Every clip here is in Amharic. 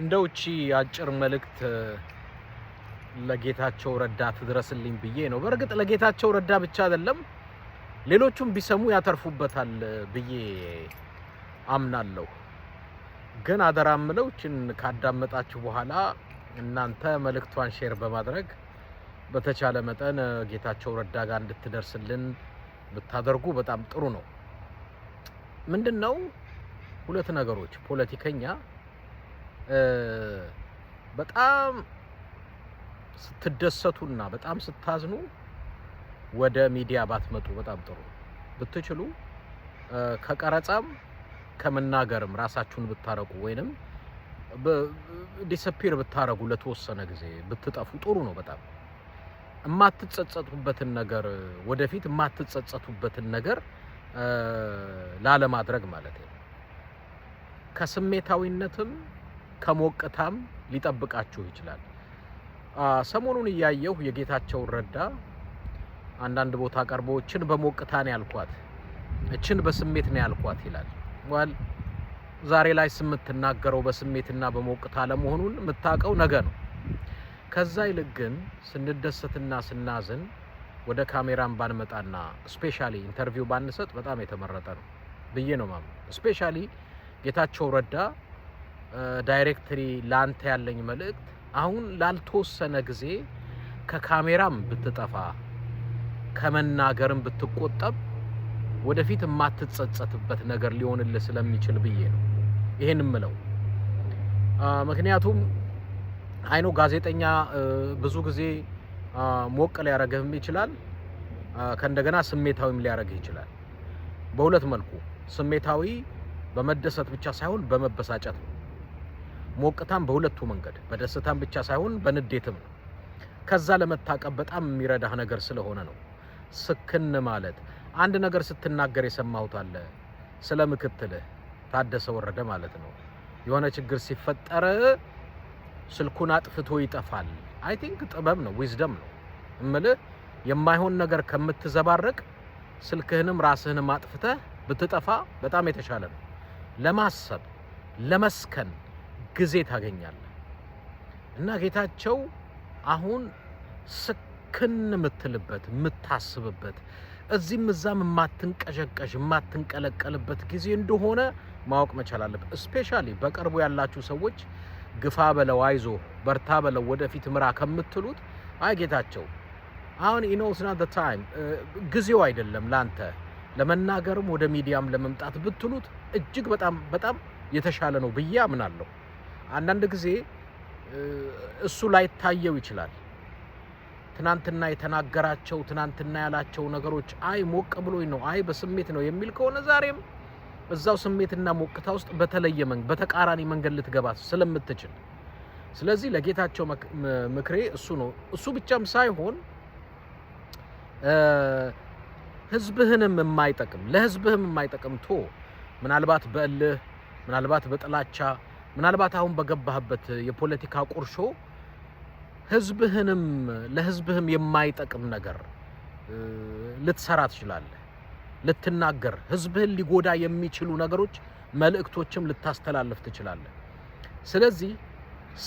እንደ ውጪ አጭር መልእክት ለጌታቸው ረዳ ትድረስልኝ ብዬ ነው። በእርግጥ ለጌታቸው ረዳ ብቻ አይደለም ሌሎቹም ቢሰሙ ያተርፉበታል ብዬ አምናለሁ። ግን አደራ ምለው እችን ካዳመጣችሁ በኋላ እናንተ መልእክቷን ሼር በማድረግ በተቻለ መጠን ጌታቸው ረዳ ጋር እንድትደርስልን ብታደርጉ በጣም ጥሩ ነው። ምንድን ነው ሁለት ነገሮች ፖለቲከኛ በጣም ስትደሰቱና በጣም ስታዝኑ ወደ ሚዲያ ባትመጡ በጣም ጥሩ ብትችሉ ከቀረጻም ከመናገርም ራሳችሁን ብታረቁ ወይንም ዲስፒር ብታረጉ ለተወሰነ ጊዜ ብትጠፉ ጥሩ ነው። በጣም የማትጸጸቱበትን ነገር ወደፊት የማትጸጸቱበትን ነገር ላለማድረግ ማለት ነው። ከስሜታዊነትም ከሞቅታም ሊጠብቃችሁ ይችላል። ሰሞኑን እያየሁ የጌታቸውን ረዳ አንዳንድ ቦታ ቀርቦ እችን በሞቅታ ነው ያልኳት፣ እችን በስሜት ነው ያልኳት ይላል። ዋል ዛሬ ላይ ስምትናገረው በስሜትና በሞቅታ ለመሆኑን የምታውቀው ነገ ነው። ከዛ ይልቅ ግን ስንደሰትና ስናዝን ወደ ካሜራን ባንመጣና ስፔሻሊ ኢንተርቪው ባንሰጥ በጣም የተመረጠ ነው ብዬ ነው ስፔሻሊ ጌታቸው ረዳ ዳይሬክትሪ ላንተ ያለኝ መልእክት አሁን ላልተወሰነ ጊዜ ከካሜራም ብትጠፋ ከመናገርም ብትቆጠብ ወደፊት የማትጸጸትበት ነገር ሊሆንልህ ስለሚችል ብዬ ነው ይሄን ምለው። ምክንያቱም አይኖ ጋዜጠኛ ብዙ ጊዜ ሞቅ ሊያረግህም ይችላል፣ ከእንደገና ስሜታዊም ሊያረግህ ይችላል። በሁለት መልኩ ስሜታዊ በመደሰት ብቻ ሳይሆን በመበሳጨት ነው። ሞቅታም በሁለቱ መንገድ በደስታም ብቻ ሳይሆን በንዴትም ነው። ከዛ ለመታቀብ በጣም የሚረዳህ ነገር ስለሆነ ነው። ስክን ማለት አንድ ነገር ስትናገር የሰማሁት አለ ስለ ምክትልህ ታደሰ ወረደ ማለት ነው። የሆነ ችግር ሲፈጠር ስልኩን አጥፍቶ ይጠፋል። አይ ቲንክ ጥበብ ነው፣ ዊዝደም ነው እምልህ። የማይሆን ነገር ከምትዘባረቅ ስልክህንም ራስህንም አጥፍተህ ብትጠፋ በጣም የተሻለ ነው። ለማሰብ ለመስከን ጊዜ ታገኛለህ እና ጌታቸው አሁን ስክን የምትልበት የምታስብበት እዚህም እዛም የማትንቀዠቀዥ የማትንቀለቀልበት ጊዜ እንደሆነ ማወቅ መቻል አለብህ። እስፔሻሊ በቅርቡ ያላችሁ ሰዎች ግፋ በለው አይዞ በርታ በለው ወደፊት ምራ ከምትሉት አይ ጌታቸው አሁን ኢኖስና ታይም ጊዜው አይደለም ለአንተ ለመናገርም ወደ ሚዲያም ለመምጣት ብትሉት እጅግ በጣም በጣም የተሻለ ነው ብዬ አምናለሁ። አንዳንድ ጊዜ እሱ ላይታየው ይችላል። ትናንትና የተናገራቸው ትናንትና ያላቸው ነገሮች አይ ሞቅ ብሎኝ ነው፣ አይ በስሜት ነው የሚል ከሆነ ዛሬም እዛው ስሜትና ሞቅታ ውስጥ በተለየ መንገድ በተቃራኒ መንገድ ልትገባ ስለምትችል፣ ስለዚህ ለጌታቸው ምክሬ እሱ ነው። እሱ ብቻም ሳይሆን ህዝብህንም የማይጠቅም ለህዝብህም የማይጠቅም ቶ ምናልባት በእልህ ምናልባት በጥላቻ ምናልባት አሁን በገባህበት የፖለቲካ ቁርሾ ህዝብህንም ለህዝብህም የማይጠቅም ነገር ልትሰራ ትችላለህ፣ ልትናገር፣ ህዝብህን ሊጎዳ የሚችሉ ነገሮች መልእክቶችም ልታስተላልፍ ትችላለህ። ስለዚህ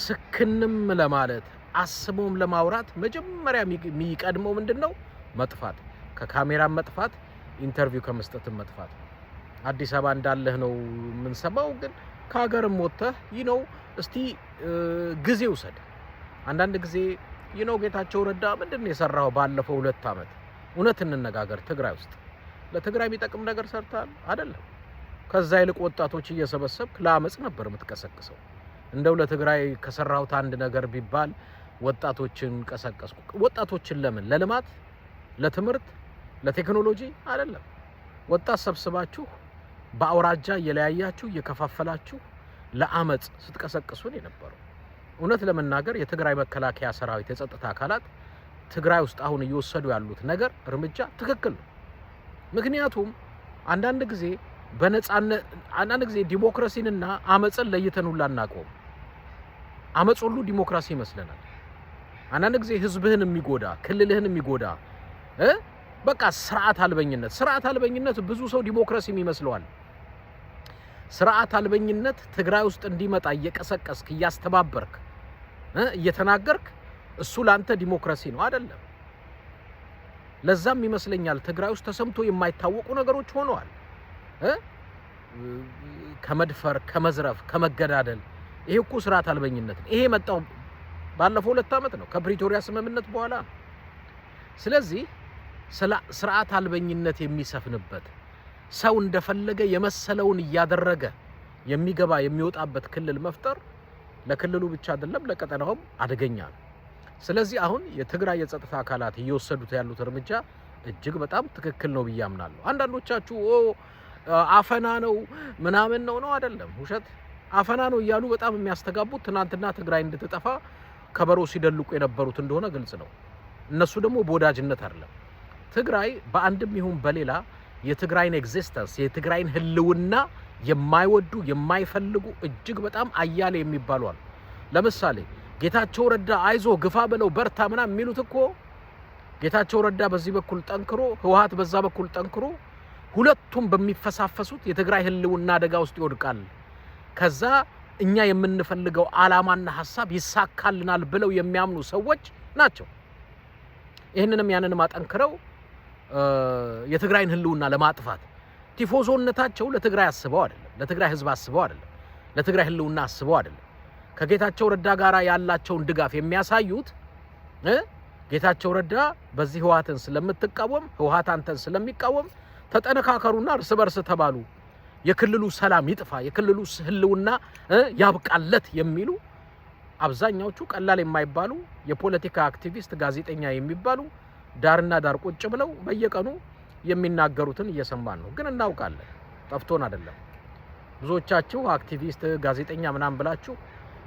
ስክንም ለማለት አስቦም ለማውራት መጀመሪያ የሚቀድመው ምንድን ነው? መጥፋት፣ ከካሜራ መጥፋት፣ ኢንተርቪው ከመስጠትም መጥፋት። አዲስ አበባ እንዳለህ ነው የምንሰማው ግን ከሀገርም ወጥተህ ነው እስቲ ጊዜ ውሰድ። አንዳንድ ጊዜ ነው ጌታቸው ረዳ ምንድን ነው ባለፈው ሁለት ዓመት? እውነት እንነጋገር፣ ትግራይ ውስጥ ለትግራይ የሚጠቅም ነገር ሰርታል አይደለም። ከዛ ይልቅ ወጣቶች እየሰበሰብክ ለአመፅ ነበር የምትቀሰቅሰው። እንደው ለትግራይ ከሰራሁት አንድ ነገር ቢባል ወጣቶችን ቀሰቀስኩ። ወጣቶችን ለምን? ለልማት፣ ለትምህርት፣ ለቴክኖሎጂ አይደለም። ወጣት ሰብስባችሁ በአውራጃ እየለያያችሁ እየከፋፈላችሁ ለአመፅ ስትቀሰቅሱን የነበረው። እውነት ለመናገር የትግራይ መከላከያ ሰራዊት የጸጥታ አካላት ትግራይ ውስጥ አሁን እየወሰዱ ያሉት ነገር እርምጃ ትክክል ነው። ምክንያቱም አንዳንድ ጊዜ በነጻነት አንዳንድ ጊዜ ዲሞክራሲንና አመፅን ለይተን ሁላ እናቆም። አመፅ ሁሉ ዲሞክራሲ ይመስለናል። አንዳንድ ጊዜ ህዝብህን የሚጎዳ ክልልህን የሚጎዳ በቃ ስርዓት አልበኝነት። ስርዓት አልበኝነት ብዙ ሰው ዲሞክራሲም ይመስለዋል። ስርዓት አልበኝነት ትግራይ ውስጥ እንዲመጣ እየቀሰቀስክ እያስተባበርክ እየተናገርክ እሱ ለአንተ ዲሞክራሲ ነው አይደለም። ለዛም ይመስለኛል ትግራይ ውስጥ ተሰምቶ የማይታወቁ ነገሮች ሆነዋል። ከመድፈር፣ ከመዝረፍ፣ ከመገዳደል ይሄ እኮ ስርዓት አልበኝነት ነው። ይሄ መጣው ባለፈው ሁለት ዓመት ነው ከፕሪቶሪያ ስምምነት በኋላ ነው። ስለዚህ ስርዓት አልበኝነት የሚሰፍንበት ሰው እንደፈለገ የመሰለውን እያደረገ የሚገባ የሚወጣበት ክልል መፍጠር ለክልሉ ብቻ አይደለም፣ ለቀጠናውም አደገኛ ነው። ስለዚህ አሁን የትግራይ የጸጥታ አካላት እየወሰዱት ያሉት እርምጃ እጅግ በጣም ትክክል ነው ብዬ አምናለሁ። አንዳንዶቻችሁ ኦ አፈና ነው ምናምን ነው ነው አይደለም፣ ውሸት አፈና ነው እያሉ በጣም የሚያስተጋቡት ትናንትና ትግራይ እንድትጠፋ ከበሮ ሲደልቁ የነበሩት እንደሆነ ግልጽ ነው። እነሱ ደግሞ በወዳጅነት አይደለም ትግራይ በአንድም ይሁን በሌላ የትግራይን ኤግዚስተንስ የትግራይን ህልውና የማይወዱ የማይፈልጉ እጅግ በጣም አያሌ የሚባሉ አሉ። ለምሳሌ ጌታቸው ረዳ አይዞ ግፋ ብለው በርታ ምናምን የሚሉት እኮ ጌታቸው ረዳ በዚህ በኩል ጠንክሮ፣ ህወሀት በዛ በኩል ጠንክሮ፣ ሁለቱም በሚፈሳፈሱት የትግራይ ህልውና አደጋ ውስጥ ይወድቃል። ከዛ እኛ የምንፈልገው አላማና ሀሳብ ይሳካልናል ብለው የሚያምኑ ሰዎች ናቸው። ይህንንም ያንንም አጠንክረው የትግራይን ህልውና ለማጥፋት ቲፎዞነታቸው ለትግራይ አስበው አይደለም፣ ለትግራይ ህዝብ አስበው አይደለም፣ ለትግራይ ህልውና አስበው አይደለም። ከጌታቸው ረዳ ጋር ያላቸውን ድጋፍ የሚያሳዩት ጌታቸው ረዳ በዚህ ህወሓትን ስለምትቃወም ህወሓት አንተን ስለሚቃወም ተጠነካከሩና እርስ በርስ ተባሉ፣ የክልሉ ሰላም ይጥፋ፣ የክልሉ ህልውና ያብቃለት የሚሉ አብዛኛዎቹ ቀላል የማይባሉ የፖለቲካ አክቲቪስት ጋዜጠኛ የሚባሉ ዳርና ዳር ቁጭ ብለው በየቀኑ የሚናገሩትን እየሰማን ነው። ግን እናውቃለን፣ ጠፍቶን አይደለም። ብዙዎቻችሁ አክቲቪስት፣ ጋዜጠኛ ምናምን ብላችሁ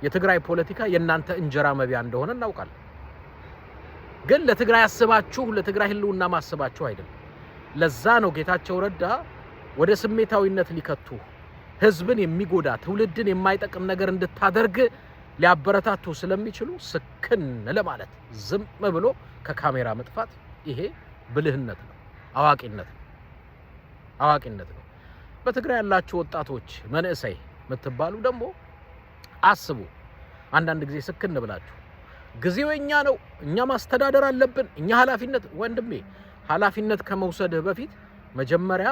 የትግራይ ፖለቲካ የእናንተ እንጀራ መቢያ እንደሆነ እናውቃለን። ግን ለትግራይ አስባችሁ ለትግራይ ህልውና ማስባችሁ አይደለም። ለዛ ነው ጌታቸው ረዳ ወደ ስሜታዊነት ሊከቱ ህዝብን የሚጎዳ ትውልድን የማይጠቅም ነገር እንድታደርግ ሊያበረታቱ ስለሚችሉ ስክን ለማለት ዝም ብሎ ከካሜራ መጥፋት ይሄ ብልህነት ነው፣ አዋቂነት ነው፣ አዋቂነት ነው። በትግራይ ያላችሁ ወጣቶች መንእሰይ የምትባሉ ደግሞ አስቡ። አንዳንድ ጊዜ ስክን ብላችሁ ጊዜው የኛ ነው፣ እኛ ማስተዳደር አለብን፣ እኛ ኃላፊነት ወንድሜ፣ ኃላፊነት ከመውሰድህ በፊት መጀመሪያ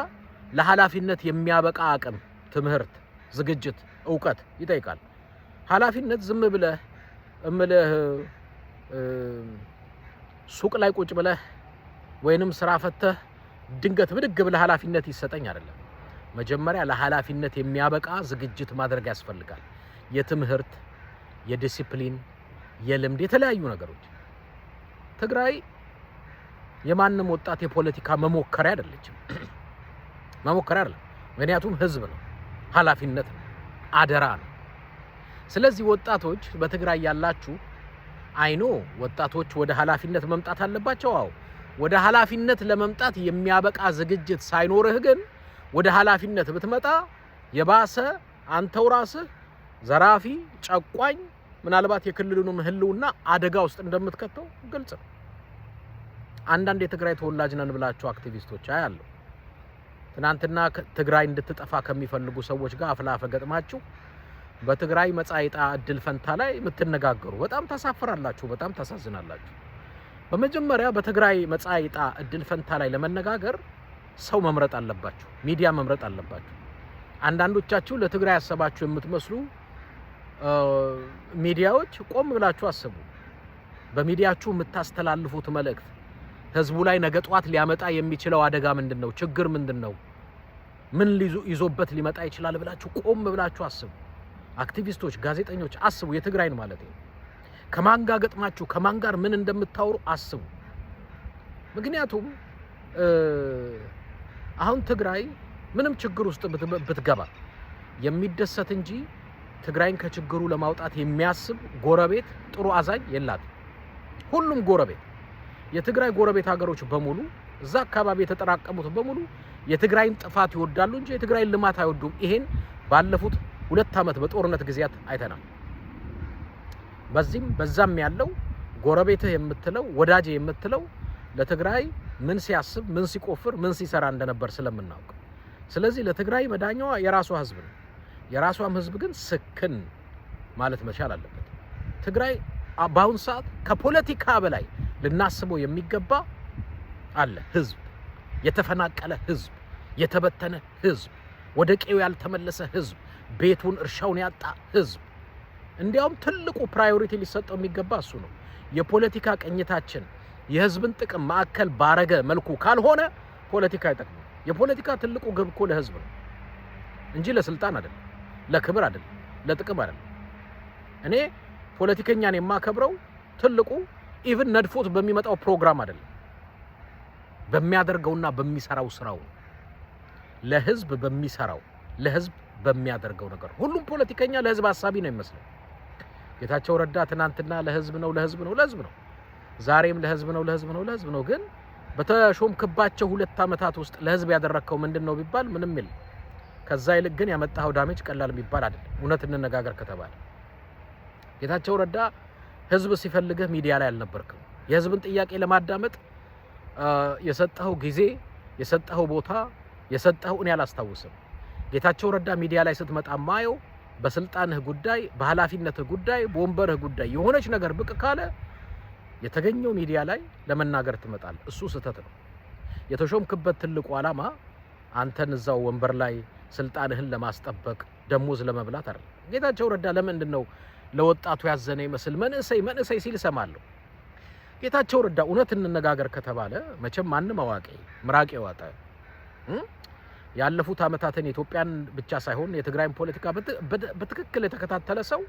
ለኃላፊነት የሚያበቃ አቅም፣ ትምህርት፣ ዝግጅት፣ እውቀት ይጠይቃል። ኃላፊነት ዝም ብለህ እምልህ ሱቅ ላይ ቁጭ ብለህ ወይንም ስራ ፈተህ ድንገት ብድግ ብለህ ኃላፊነት ይሰጠኝ አይደለም። መጀመሪያ ለኃላፊነት የሚያበቃ ዝግጅት ማድረግ ያስፈልጋል። የትምህርት፣ የዲሲፕሊን፣ የልምድ የተለያዩ ነገሮች። ትግራይ የማንም ወጣት የፖለቲካ መሞከሪያ አይደለችም። መሞከሪያ አይደለም። ምክንያቱም ህዝብ ነው፣ ኃላፊነት ነው፣ አደራ ነው። ስለዚህ ወጣቶች በትግራይ ያላችሁ አይኖ ወጣቶች ወደ ኃላፊነት መምጣት አለባቸው። አዎ ወደ ኃላፊነት ለመምጣት የሚያበቃ ዝግጅት ሳይኖርህ ግን ወደ ኃላፊነት ብትመጣ የባሰ አንተው ራስህ ዘራፊ፣ ጨቋኝ ምናልባት የክልሉንም ሕልውና አደጋ ውስጥ እንደምትከተው ግልጽ ነው። አንዳንድ የትግራይ ተወላጅ ነን ብላችሁ አክቲቪስቶች አያለሁ። ትናንትና ትግራይ እንድትጠፋ ከሚፈልጉ ሰዎች ጋር አፍላፈ ገጥማችሁ በትግራይ መጻኢ ዕጣ እድል ፈንታ ላይ የምትነጋገሩ በጣም ታሳፍራላችሁ፣ በጣም ታሳዝናላችሁ። በመጀመሪያ በትግራይ መጻኢ ዕጣ እድል ፈንታ ላይ ለመነጋገር ሰው መምረጥ አለባችሁ፣ ሚዲያ መምረጥ አለባችሁ። አንዳንዶቻችሁ ለትግራይ ያሰባችሁ የምትመስሉ ሚዲያዎች ቆም ብላችሁ አስቡ። በሚዲያችሁ የምታስተላልፉት መልእክት ህዝቡ ላይ ነገ ጠዋት ሊያመጣ የሚችለው አደጋ ምንድን ነው? ችግር ምንድን ነው? ምን ይዞበት ሊመጣ ይችላል ብላችሁ ቆም ብላችሁ አስቡ። አክቲቪስቶች፣ ጋዜጠኞች አስቡ። የትግራይን ማለት ነው። ከማን ጋር ገጥማችሁ ከማን ጋር ምን እንደምታወሩ አስቡ። ምክንያቱም አሁን ትግራይ ምንም ችግር ውስጥ ብትገባ የሚደሰት እንጂ ትግራይን ከችግሩ ለማውጣት የሚያስብ ጎረቤት ጥሩ አዛኝ የላት። ሁሉም ጎረቤት የትግራይ ጎረቤት ሀገሮች በሙሉ እዛ አካባቢ የተጠራቀሙት በሙሉ የትግራይን ጥፋት ይወዳሉ እንጂ የትግራይን ልማት አይወዱም። ይሄን ባለፉት ሁለት ዓመት በጦርነት ጊዜያት አይተናል። በዚህም በዛም ያለው ጎረቤትህ የምትለው ወዳጄ የምትለው ለትግራይ ምን ሲያስብ ምን ሲቆፍር ምን ሲሰራ እንደነበር ስለምናውቅ፣ ስለዚህ ለትግራይ መዳኛዋ የራሷ ህዝብ ነው። የራሷም ህዝብ ግን ስክን ማለት መቻል አለበት። ትግራይ በአሁን ሰዓት ከፖለቲካ በላይ ልናስበው የሚገባ አለ። ህዝብ፣ የተፈናቀለ ህዝብ፣ የተበተነ ህዝብ፣ ወደ ቄው ያልተመለሰ ህዝብ ቤቱን፣ እርሻውን ያጣ ህዝብ እንዲያውም ትልቁ ፕራዮሪቲ ሊሰጠው የሚገባ እሱ ነው። የፖለቲካ ቅኝታችን የህዝብን ጥቅም ማዕከል ባረገ መልኩ ካልሆነ ፖለቲካ አይጠቅም። የፖለቲካ ትልቁ ግብ እኮ ለህዝብ ነው እንጂ ለስልጣን አይደለም፣ ለክብር አይደለም፣ ለጥቅም አይደለም። እኔ ፖለቲከኛን የማከብረው ትልቁ ኢቭን ነድፎት በሚመጣው ፕሮግራም አይደለም፣ በሚያደርገውና በሚሰራው ስራው፣ ለህዝብ በሚሰራው ለህዝብ በሚያደርገው ነገር። ሁሉም ፖለቲከኛ ለህዝብ አሳቢ ነው የሚመስለው። ጌታቸው ረዳ ትናንትና ለህዝብ ነው ለህዝብ ነው ለህዝብ ነው፣ ዛሬም ለህዝብ ነው ለህዝብ ነው ለህዝብ ነው። ግን በተሾምክባቸው ሁለት አመታት ውስጥ ለህዝብ ያደረግከው ምንድን ነው ቢባል ምንም የለም። ከዛ ይልቅ ግን ያመጣኸው ዳሜጅ ቀላል የሚባል አይደለም። እውነት እንነጋገር ከተባለ ጌታቸው ረዳ ህዝብ ሲፈልግህ ሚዲያ ላይ አልነበርክም። የህዝብን ጥያቄ ለማዳመጥ የሰጠኸው ጊዜ፣ የሰጠኸው ቦታ፣ የሰጠኸው እኔ አላስታውስም። ጌታቸው ረዳ ሚዲያ ላይ ስትመጣ ማየው በስልጣንህ ጉዳይ፣ በኃላፊነትህ ጉዳይ፣ በወንበርህ ጉዳይ የሆነች ነገር ብቅ ካለ የተገኘው ሚዲያ ላይ ለመናገር ትመጣል። እሱ ስህተት ነው። የተሾምክበት ትልቁ ዓላማ አንተን እዛው ወንበር ላይ ስልጣንህን ለማስጠበቅ ደሞዝ ለመብላት አይደል። ጌታቸው ረዳ ለምንድን ነው ለወጣቱ ያዘነ ይመስል መንእሰይ መንእሰይ ሲል እሰማለሁ። ጌታቸው ረዳ እውነት እንነጋገር ከተባለ መቼም ማንም አዋቂ ምራቅ የዋጠ ያለፉት አመታትን የኢትዮጵያን ብቻ ሳይሆን የትግራይን ፖለቲካ በትክክል የተከታተለ ሰው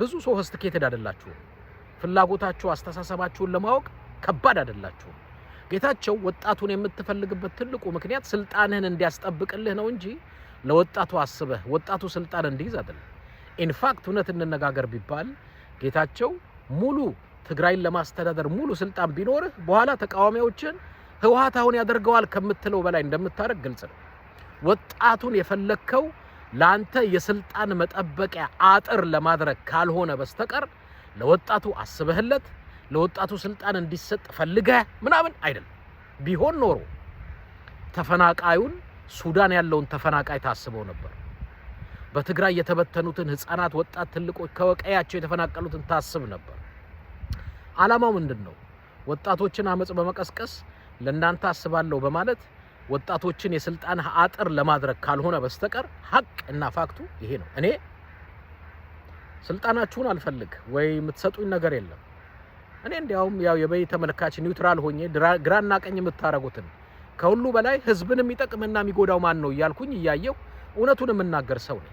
ብዙ ሰው ሶፊስቲኬትድ አይደላችሁም። ፍላጎታችሁ አስተሳሰባችሁን ለማወቅ ከባድ አይደላችሁም። ጌታቸው ወጣቱን የምትፈልግበት ትልቁ ምክንያት ስልጣንህን እንዲያስጠብቅልህ ነው እንጂ ለወጣቱ አስበህ ወጣቱ ስልጣን እንዲይዝ አይደለም። ኢንፋክት እውነት እንነጋገር ቢባል ጌታቸው ሙሉ ትግራይን ለማስተዳደር ሙሉ ስልጣን ቢኖርህ በኋላ ተቃዋሚዎችን ህወሓት አሁን ያደርገዋል ከምትለው በላይ እንደምታደርግ ግልጽ ነው። ወጣቱን የፈለግከው ለአንተ የስልጣን መጠበቂያ አጥር ለማድረግ ካልሆነ በስተቀር ለወጣቱ አስበህለት ለወጣቱ ስልጣን እንዲሰጥ ፈልገህ ምናምን አይደለም። ቢሆን ኖሮ ተፈናቃዩን ሱዳን ያለውን ተፈናቃይ ታስበው ነበር። በትግራይ የተበተኑትን ህፃናት፣ ወጣት፣ ትልቆች ከቀያቸው የተፈናቀሉትን ታስብ ነበር። አላማው ምንድን ነው? ወጣቶችን አመፅ በመቀስቀስ ለእናንተ አስባለሁ በማለት ወጣቶችን የስልጣን አጥር ለማድረግ ካልሆነ በስተቀር ሀቅ እና ፋክቱ ይሄ ነው። እኔ ስልጣናችሁን አልፈልግ ወይ የምትሰጡኝ ነገር የለም። እኔ እንዲያውም ያው የበይ ተመልካች ኒውትራል ሆኜ ግራና ቀኝ የምታረጉትን ከሁሉ በላይ ህዝብን የሚጠቅምና የሚጎዳው ማን ነው እያልኩኝ እያየው እውነቱን የምናገር ሰው ነኝ።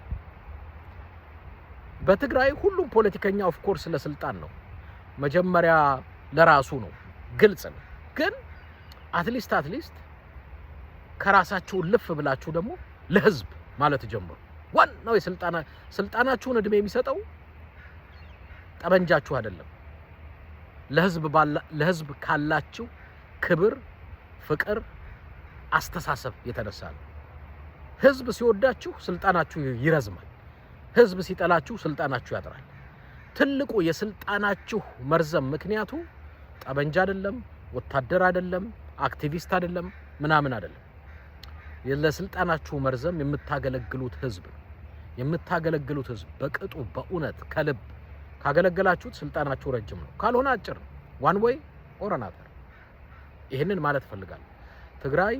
በትግራይ ሁሉም ፖለቲከኛ ኦፍኮርስ ለስልጣን ነው፣ መጀመሪያ ለራሱ ነው። ግልጽ ነው ግን አትሊስት አትሊስት ከራሳችሁ ልፍ ብላችሁ ደግሞ ለህዝብ ማለት ጀምሩ። ዋናው የስልጣና ስልጣናችሁን እድሜ የሚሰጠው ጠመንጃችሁ አይደለም፣ ለህዝብ ለህዝብ ካላችሁ ክብር፣ ፍቅር፣ አስተሳሰብ የተነሳ ነው። ህዝብ ሲወዳችሁ ስልጣናችሁ ይረዝማል። ህዝብ ሲጠላችሁ ስልጣናችሁ ያጥራል። ትልቁ የስልጣናችሁ መርዘም ምክንያቱ ጠመንጃ አይደለም፣ ወታደር አይደለም አክቲቪስት አይደለም ምናምን አይደለም። ለስልጣናችሁ መርዘም የምታገለግሉት ህዝብ የምታገለግሉት ህዝብ በቅጡ በእውነት ከልብ ካገለገላችሁት ስልጣናችሁ ረጅም ነው፣ ካልሆነ አጭር ነው። ዋን ወይ ኦረናተር ይህንን ማለት እፈልጋለሁ። ትግራይ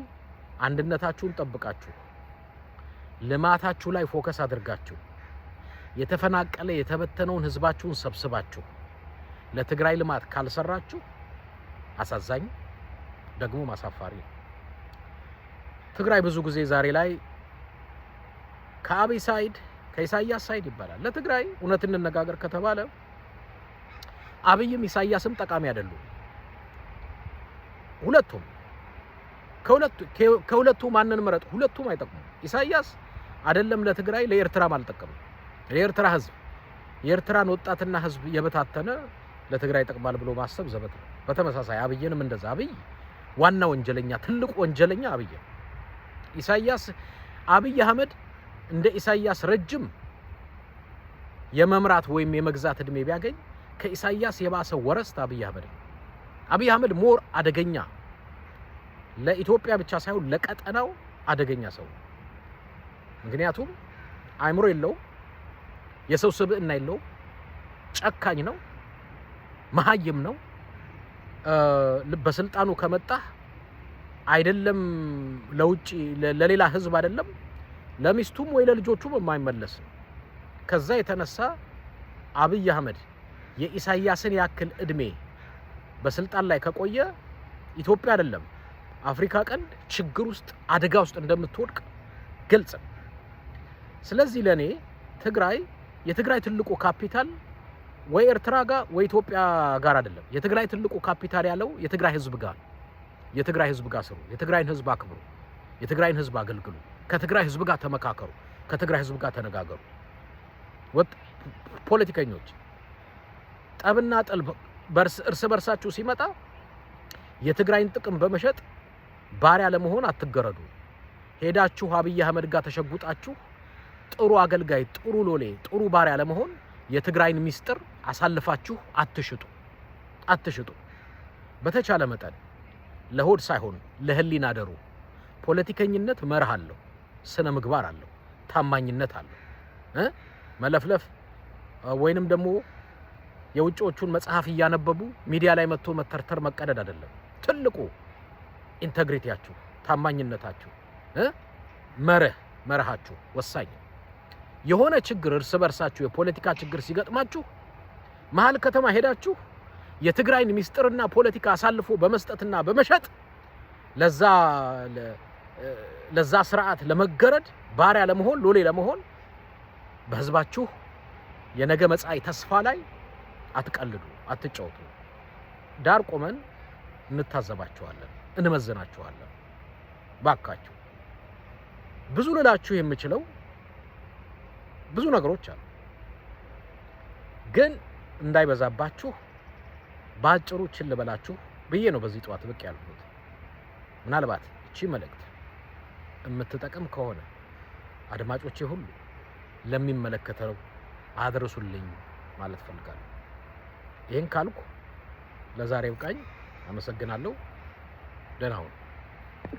አንድነታችሁን ጠብቃችሁ ልማታችሁ ላይ ፎከስ አድርጋችሁ የተፈናቀለ የተበተነውን ህዝባችሁን ሰብስባችሁ ለትግራይ ልማት ካልሰራችሁ አሳዛኝ ደግሞ ማሳፋሪ ነው። ትግራይ ብዙ ጊዜ ዛሬ ላይ ከአብይ ሳይድ ከኢሳያስ ሳይድ ይባላል። ለትግራይ እውነት እንነጋገር ከተባለ አብይም ኢሳያስም ጠቃሚ አይደሉም። ሁለቱም ከሁለቱ ከሁለቱ ማንን ምረጥ? ሁለቱም አይጠቅሙም። ኢሳያስ አይደለም ለትግራይ ለኤርትራም አልጠቀምም። ለኤርትራ ህዝብ የኤርትራን ወጣትና ህዝብ የበታተነ ለትግራይ ይጠቅማል ብሎ ማሰብ ዘበት ነው። በተመሳሳይ አብይንም እንደዛ አብይ ዋና ወንጀለኛ ትልቁ ወንጀለኛ አብይ ኢሳያስ አብይ አህመድ እንደ ኢሳያስ ረጅም የመምራት ወይም የመግዛት እድሜ ቢያገኝ ከኢሳያስ የባሰ ወረስት አብይ አህመድ ነው። አብይ አህመድ ሞር አደገኛ ለኢትዮጵያ ብቻ ሳይሆን ለቀጠናው አደገኛ ሰው ምክንያቱም አእምሮ የለው የሰው ስብዕና የለው ጨካኝ ነው፣ መሀይም ነው። በስልጣኑ ከመጣ አይደለም ለውጭ ለሌላ ህዝብ አይደለም ለሚስቱም ወይ ለልጆቹም የማይመለስ ከዛ የተነሳ አብይ አህመድ የኢሳያስን ያክል እድሜ በስልጣን ላይ ከቆየ ኢትዮጵያ አይደለም አፍሪካ ቀንድ ችግር ውስጥ አደጋ ውስጥ እንደምትወድቅ ግልጽ። ስለዚህ ለእኔ ትግራይ የትግራይ ትልቁ ካፒታል ወይ ኤርትራ ጋር ወይ ኢትዮጵያ ጋር አይደለም። የትግራይ ትልቁ ካፒታል ያለው የትግራይ ህዝብ ጋር የትግራይ ህዝብ ጋር ስሩ፣ የትግራይን ህዝብ አክብሩ፣ የትግራይን ህዝብ አገልግሉ፣ ከትግራይ ህዝብ ጋር ተመካከሩ፣ ከትግራይ ህዝብ ጋር ተነጋገሩ። ወጥ ፖለቲከኞች ጠብና ጠል እርስ በርሳችሁ ሲመጣ የትግራይን ጥቅም በመሸጥ ባሪያ ለመሆን አትገረዱ። ሄዳችሁ አብይ አህመድ ጋር ተሸጉጣችሁ ጥሩ አገልጋይ፣ ጥሩ ሎሌ፣ ጥሩ ባሪያ ለመሆን የትግራይን ሚስጥር አሳልፋችሁ አትሽጡ አትሽጡ። በተቻለ መጠን ለሆድ ሳይሆን ለህሊና ደሩ ፖለቲከኝነት መርህ አለው፣ ስነ ምግባር አለው፣ ታማኝነት አለው። መለፍለፍ ወይንም ደግሞ የውጭዎቹን መጽሐፍ እያነበቡ ሚዲያ ላይ መጥቶ መተርተር መቀደድ አይደለም። ትልቁ ኢንተግሪቲያችሁ፣ ታማኝነታችሁ፣ መርህ መርሃችሁ ወሳኝ የሆነ ችግር እርስ በርሳችሁ የፖለቲካ ችግር ሲገጥማችሁ መሀል ከተማ ሄዳችሁ የትግራይን ሚስጥርና ፖለቲካ አሳልፎ በመስጠትና በመሸጥ ለዛ ለዛ ስርዓት ለመገረድ ባሪያ ለመሆን ሎሌ ለመሆን በህዝባችሁ የነገ መጻኢ ተስፋ ላይ አትቀልዱ፣ አትጫወቱ። ዳር ቆመን እንታዘባችኋለን፣ እንመዝናችኋለን። ባካችሁ ብዙ ልላችሁ የምችለው ብዙ ነገሮች አሉ ግን እንዳይበዛባችሁ በአጭሩ ችል በላችሁ ብዬ ነው በዚህ ጠዋት ብቅ ያልኩት። ምናልባት እቺ መልእክት የምትጠቅም ከሆነ አድማጮቼ ሁሉ ለሚመለከተው አድርሱልኝ ማለት ፈልጋለሁ። ይህን ካልኩ ለዛሬው ቀኝ አመሰግናለሁ። ደህና ሁኑ።